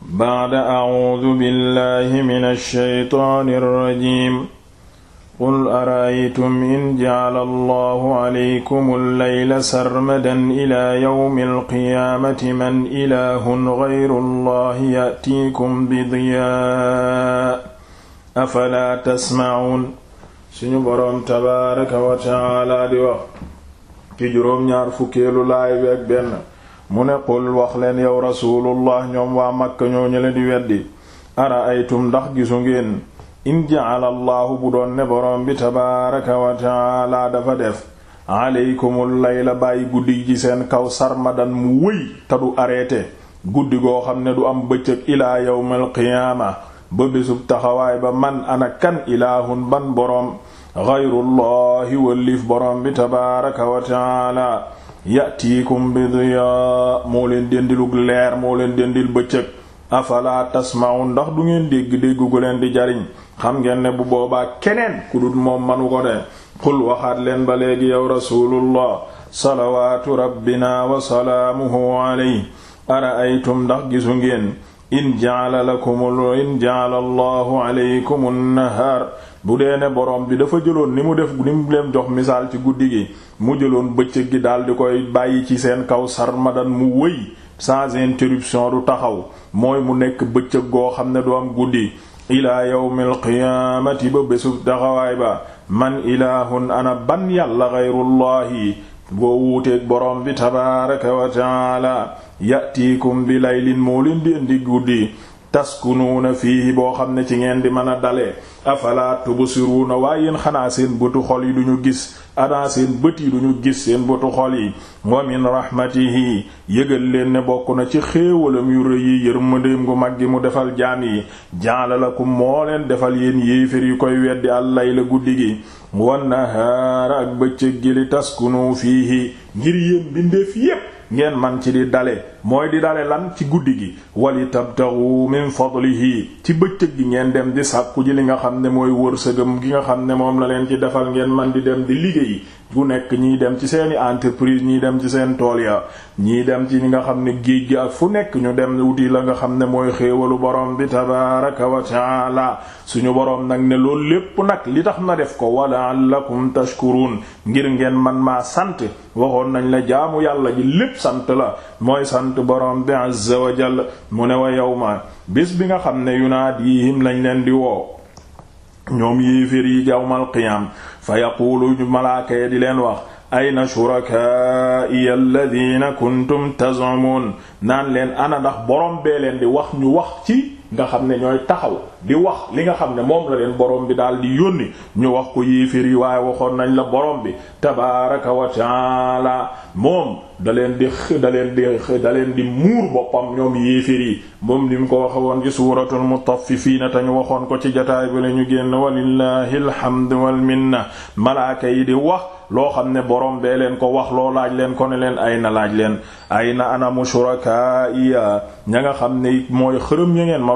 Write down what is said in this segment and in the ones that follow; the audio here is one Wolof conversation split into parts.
bacda acuudu billahi min alsheytaani alrajim qul araaytum in jacala allahu calaykum allayla sarmadan ila yawmi alqiyaamati man ilaahun gayru allahi ya'tiikum bidiyaa afalaa tasmacuun suñu boroom tabaaraka wa tacaala di wax ci juróom ñaar fukkeelu laay bi ak benn mu ne qul wax leen yow rasulullah ñoom waa Makka ñoo ñële di weddi ara aytum ndax gisu ngeen in ja'ala bu doon ne boroom bi tabaaraka wa taala dafa def aleykumul layla bàyyi guddi ji seen kaw sarmadan mu wëy te du arrêté guddi goo xam ne du am bëccëg ilaa yawmal qiyaama ba bésub taxawaay ba man ana kan ilaahun ban borom gayrullahi wëllif borom bi tabaraka wa taala yatiikum bi diyaa moo leen dendilug leer moo leen dendil bëccëg afala tasmaun ndax du ngeen dégg-dégg leen di jariñ xam ngeen ne bu boobaa keneen ku dul moom manu ko de xul waxaat leen ba léegi yow rasulullah salawaatu rabbina wa salaamuhu alayhi ara aytum ndax gisu ngeen in ja'ala lakum in ja'ala allahu alaykum an-nahar bu dee ne borom bi dafa jëloon ni mu def ni mu leen jox misaal ci guddi gi mu jëloon bëccëg gi daal di koy bàyyi ci seen kaw sar sarmadan mu wëy sans interruption du taxaw mooy mu nekk bëccëg goo xam ne du am guddi ilaa yawmil qiyaamati ba bésu taxawaay ba man ilahun ana ban yàlla gayrullahi boo wuuteeg borom bi tabaaraka wa taala yatiikum bi laylin moo leen di indi guddi na fii boo xam ne ci ngeen di mën a dalee afala tubsiruuna waaye yéen xanaa seen bëtu xol yi duñu gis adaa seen bët yi duñu gis seen bëtu xol yi wa min rahmatihi yëgal leen ne bokk na ci xéewalam yu rëy yi yërmandeem gu mag gi mu defal jaam yi jaala lakum moo leen defal yéen yéefér yi koy weddi allayla guddi gi wan nahaara ak bëccëg gi li taskunu fiihi ngir yéen bindeef yépp ngeen man ci di dale mooy di dale lan ci guddi gi wali tabtahu min fadlihi ci bëccëg gi ngeen dem di sàkku ji li nga xam ne mooy wërsëgam gi nga xam ne moom la leen ci defal ngeen man di dem di liggéey gu nekk ñiy dem ci seeni entreprise ñiy dem ci seen tool ya ñiy dem ci li nga xam ne géej gi ak fu nekk ñu dem wuti la nga xam ne mooy xéewalu borom bi tabaraka wa la suñu borom nag ne loolu lépp nag li tax na def ko wala allakum tashkurun ngir ngeen man maa sant waxoon nañ la jaamu yàlla lépp sant sant sant borom bi azza wa jalla mu ne wa yawma bis bi nga xam ne yunaadihim lañ leen di woo ñoom yéeféer yi jawmal qiyaam fa yaquulu malaaka ya di leen wax ayna shurakaai alladina kuntum tazamuun naan leen ana ndax borom bee leen di wax ñu wax ci nga xam ne ñooy taxaw di wax li nga xam ne moom la leen boroom bi daal di yónni ñu wax ko yéeféer yi waaye waxoon nañ la boroom bi tabaaraka wa taala moom da leen di da leen di da leen di muur boppam ñoom yéeféer yi moom ni mu ko waxe woon ci suuratul mutaffifiina te ñu waxoon ko ci jataay bi la ñu génn walillahi alhamdu wal minna malaaka yi di wax loo xam ne boroom bee leen ko wax loo laaj leen ko ne leen ay na laaj leen ay na anamu shurakaaiya ña nga xam ne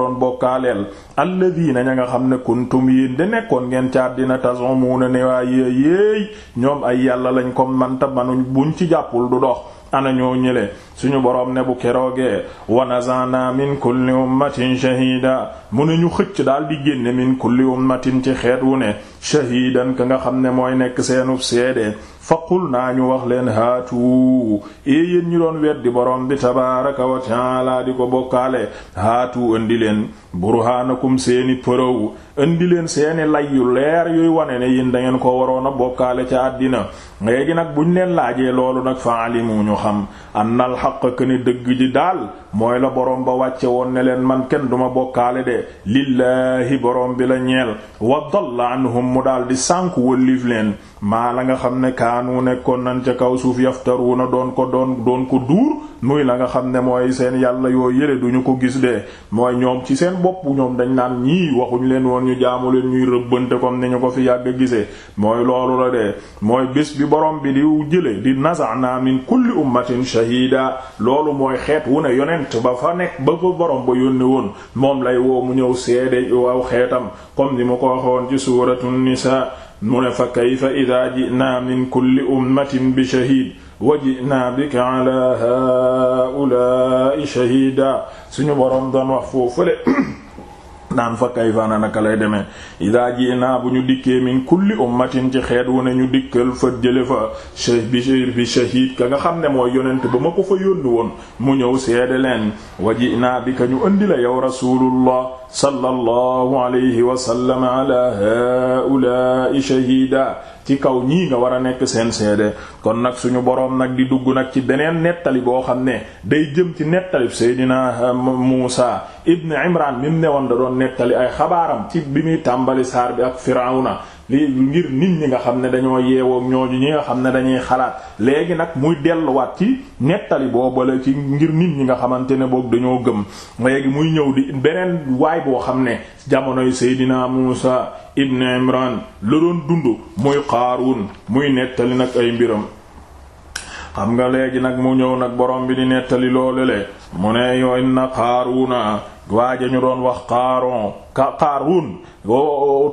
doon bokkaaleel alladina ña nga xam ne kuntum yéen de nekkoon ngeen ca àddina tazumuna ne waa yéey yéey ñoom ay yàlla lañ ko manta manuñ buñ ci jàppul du dox ana ñoo ñële suñu boroom ne bu keroogee wa nazana min kulli ummatin shahida mu ne ñu xëcc daal di génne min kulli ummatin ci xeet wu ne shahidan ka nga xam ne mooy nekk seenub seede faqul naa ñu wax leen haatu e yéen ñu doon weddi borom bi tabaaraka wa taala di ko bokkaale haatu andi leen burhaanakum seeni përëw andi leen seeni lay yu leer yuy wane ne yéen da ngeen ko waroon a bokkaale ca àddina léegi nag bu buñ leen laajee loolu nag fa alimu ñu xam annal xaq que ne dëgg ji daal mooy la borom ba wàcce woon ne leen man kenn duma bokkaale de lillaahi borom bi la ñeel wa dalla anhum mu daal di sànku wëlliif leen maa la nga xam ne kaanu nekkoon nañ ca kaw suuf yaftaruuna doon ko doon doon ko duur muy la nga xam ne mooy seen yàlla yoo yële duñu ko gis de mooy ñoom ci seen bopp ñoom dañ naan ñii waxuñ leen woon ñu jaamu leen ñuy rëbbante comme ni ñu ko fi yàgg gisee mooy loolu la de mooy bés bi borom bi di jële di naza'na min kulli ummatin shahida loolu mooy xeet wu ne yonent ba fa nekk ba fa borom ba yónni woon moom lay woo mu ñëw seede waaw xeetam comme ni mu ko waxoon ci mu ne fa kayfa ida jinaa min kulli ummatin bi shahid wa jinaa bika ala haula'i shahida suñu boroom doon wax foofule naan fa kayfa naka lay demee idaa ji naa bu ñu dikkee min kulli ummatin ci xeet wu ne ñu lu fa jële fa bi bi shahid ka nga xam ne mooy yonent bu ma ko fa yónni woon mu ñëw seede leen wa waji naa bi ka ñu indi la yow rasulullah sallallahu alayhi wa sallam ala haa'ulaa'i shahiida ci kaw ñii nga war a nekk seen seede kon nag suñu boroom nag di dugg nag ci beneen nettali boo xam ne day jëm ci nettali nettalib dina eh, Muusa ibn Imran mi mu newoon da doon nettali ay xabaaram ci bi muy tàmbali saar bi ak Firawna lii ngir nit ñi nga xam ne dañoo yeewook ñooñu ñi nga xam ne dañuy xalaat léegi nag muy delluwaat ci nettali boobale ci ngir nit ñi nga xamante ne boog dañoo gëm léegi muy ñëw di beneen waay boo xam ne jamonoy Seydina Muusa ibn Imran lu doon dund muy Qaaruun muy nettali nag ay mbiram xam nga léegi nag mu ñëw nag borom bi di nettali loolu le mu ne yooyu na Qaaruuna waaja ñu doon wax qaaron qaaruun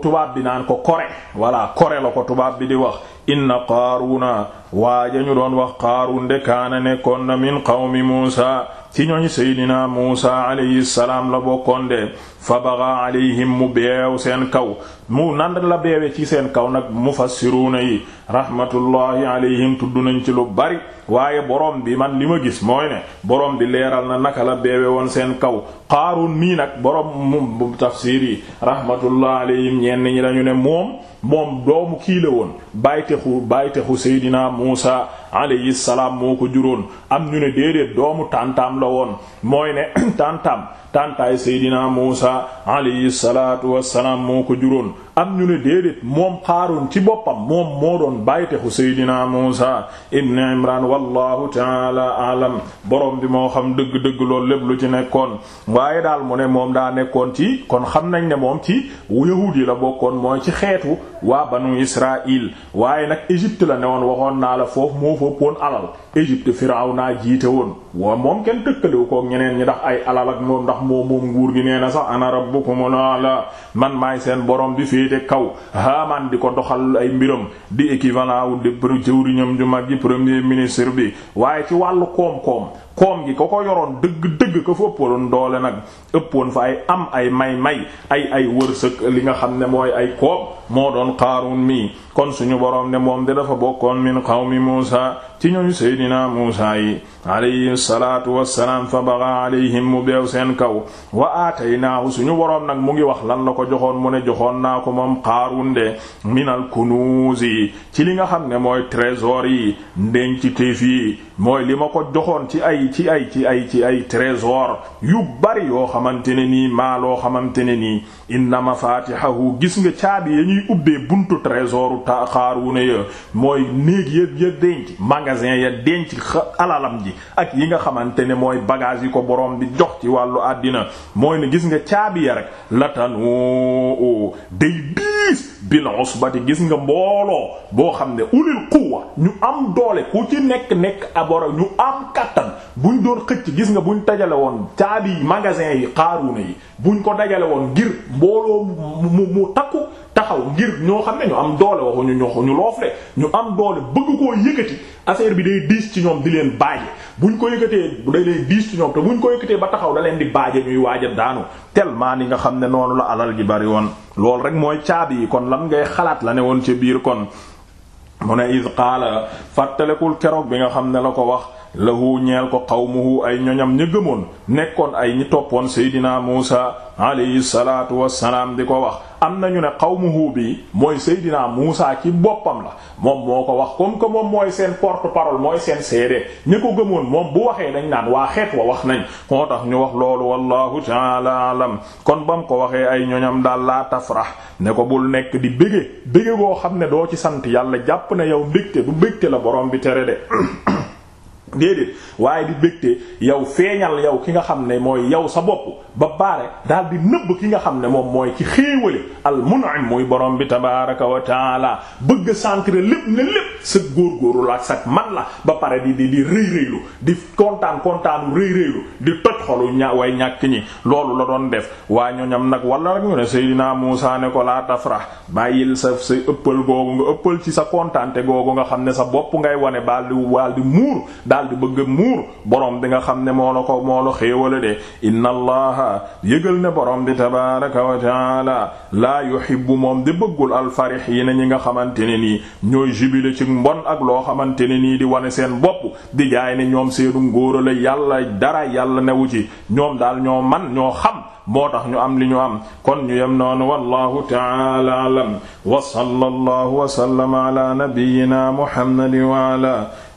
tubaab bi naan ko kore walla kore la ko tubaab bi di wax inna qaaruuna waaja ñu doon wax qaaruun de kaana nekkoon na min qawmi muusa ci ñooñ seydina muusa alayhi salaam la bokkoon de fa baga alayhim beew seen kaw mu nan la beewe ci seen kaw nag mufassiruuna yi rahmatullahi alayhim tudd nañ ci lu bari waaye boroom bi man li ma gis mooy ne borom bi leeral na naka la beewe woon seen kaw Qaaruun mii nag borom mu tafsiir yi rahmatullahi alayhim ñenn ñi dañu ne moom moom doomu kii la woon baytexu baytexu seydina muusa alayhi salaam moo ko juróon am ñu ne déedéet doomu tàntaam la la woon mooy ne tantam tantaay Seydina Muusa alayhi salaatu wassalaam moo ko juróon am ñu ne déedéet moom Xaaruun ci boppam moom moo doon bàytexu Seydina Muusa ibn Imraan wallahu taala alam borom bi moo xam dëgg-dëgg lépp lu ci nekkoon waaye daal mu ne moom daa nekkoon ci kon xam nañ ne moom ci yahuud la bokkoon mooy ci xeetu waa banu Israil waaye nag Égypte la ne woon waxoon naa la foofu moo foppoon alal Égypte Firawna jiite woon moom kenn lëkkaliwu kook ñeneen ñi ndax ay alal ak moom ndax moom moom nguur gi nee na sax ana rabbukumul ala man maay seen boroom bi féete kaw Haamaan di ko doxal ay mbiram di équivalent wu de jëwriñam ju mag ji premier ministre bi waaye ci wàllu koom-koom koom gi ko ko yoroon dëgg-dëgg ko fa ëppoon doole nag ëppoon fa ay am ay may-may ay ay wërsëg li nga xam ne mooy ay koom moo doon Qaaruun mi kon suñu boroom ne moom de dafa bokkoon min qawmi Muusa ci ñooñu Seydina Muusa yi alayhi salaatu wassalaam fa bagaa alayhim mu beew seen kaw wa aataynaahu suñu boroom nag mu ngi wax lan la ko joxoon mu ne joxoon naa ko moom Qaaruun de minal kunuuzi ci li nga xam ne mooy trésor yi ndenc téef yi mooy li ma ko joxoon ci ay ci ay ci ay ci ay trésor yu bari yoo xamante ne nii maa loo xamante ne nii inna mafatihahu gis nga caabi ya ñuy ubbee buntu trésoru ta Qaaruuna ya mooy néeg ya denc magasin ya denc alalam ji ak yi nga xamante ne mooy bagage yi ko borom bi jox ci wàllu àddina mooy ne gis nga caabi ya rek latan o day bil usbati gis nga mbooloo boo xam ne ulil quwwa ñu am doole ko ci nekk nekk aboro ñu am kattan buñ doon xëcc gis nga bu ñu dajale woon caabi yi magasin yi xaaruuna yi buñ ko dajale woon ngir mbooloo mu mu takku taxaw ngir ñoo xam ne ñu am doole waxuñu ñoxu ñu loof ñu am doole bëgg koo yëkkati affaire bi day diis ci ñoom di leen baaje buñ ko yëkkatee day lay diis ci ñoom te buñ ko yëkkatee ba taxaw da leen di baaje ñuy waaja daanu tellement ni nga xam ne noonu la alal ji bari woon loolu rek mooy caabi yi kon lan ngay xalaat la ne woon ci biir kon mu ne iz qaala fàttalikul keroog bi nga xam ne la ko wax lahu ñeel ko xaw qawmuhu ay ñoñam ña gëmoon nekkoon ay ñi toppoon seydina Muusa alayhi salaatu wassalaam di ko wax am nañu ne xaw qawmuhu bi mooy seydina Muusa ci boppam la moom moo ko wax comme que moom mooy seen porte-parole mooy seen seede ñi ko gëmoon moom bu waxee dañ naan waa xeet wa wax nañ moo tax ñu wax loolu wallahu ta'ala alam kon bam ko waxee ay ñoñam daal laa tafrah ne ko bul nekk di bége bége boo xam ne doo ci sant yàlla jàpp na yow mbégte du mbégte la borom bi tere de déedéet waaye di bégte yow feeñal yow ki nga xam ne mooy yow sa bopp ba pare daal di nëbb ki nga xam ne moom mooy ki xéewale al mun'im muy borom bi tabaraka wa taala bëgg centre lépp ne lépp sa góorgóorlu ak sa man la ba pare di di di di kontaan kontaanu rëy rëylu di toj xolu ña ñàkk ñi loolu la doon def waa ñoñam nag wala rek ñu ne Seydina ko laa tafrah bàyyil sa sa ëppal googu nga ëppal ci sa kontaante googu nga xam ne sa bopp ngay wone baal di di muur daal di bëgg a muur borom bi nga xam ne moo la ko moo la xéewala de inna allaha yëgal ne borom bi tabaraka wa la laa yuhibbu moom di bëggul alfarix yi ñi nga xamante ne nii ñooy jubile ci mbon ak loo xamante ne nii di wane seen bopp di jaay ne ñoom seenu ngóora la yàlla dara yàlla newu ci ñoom daal ñoo man ñoo xam moo tax ñu am li ñu am kon ñu yem noonu wallahu ta'ala alam wa sallallahu wa sallama ala nabiyyina muhammadin wa ala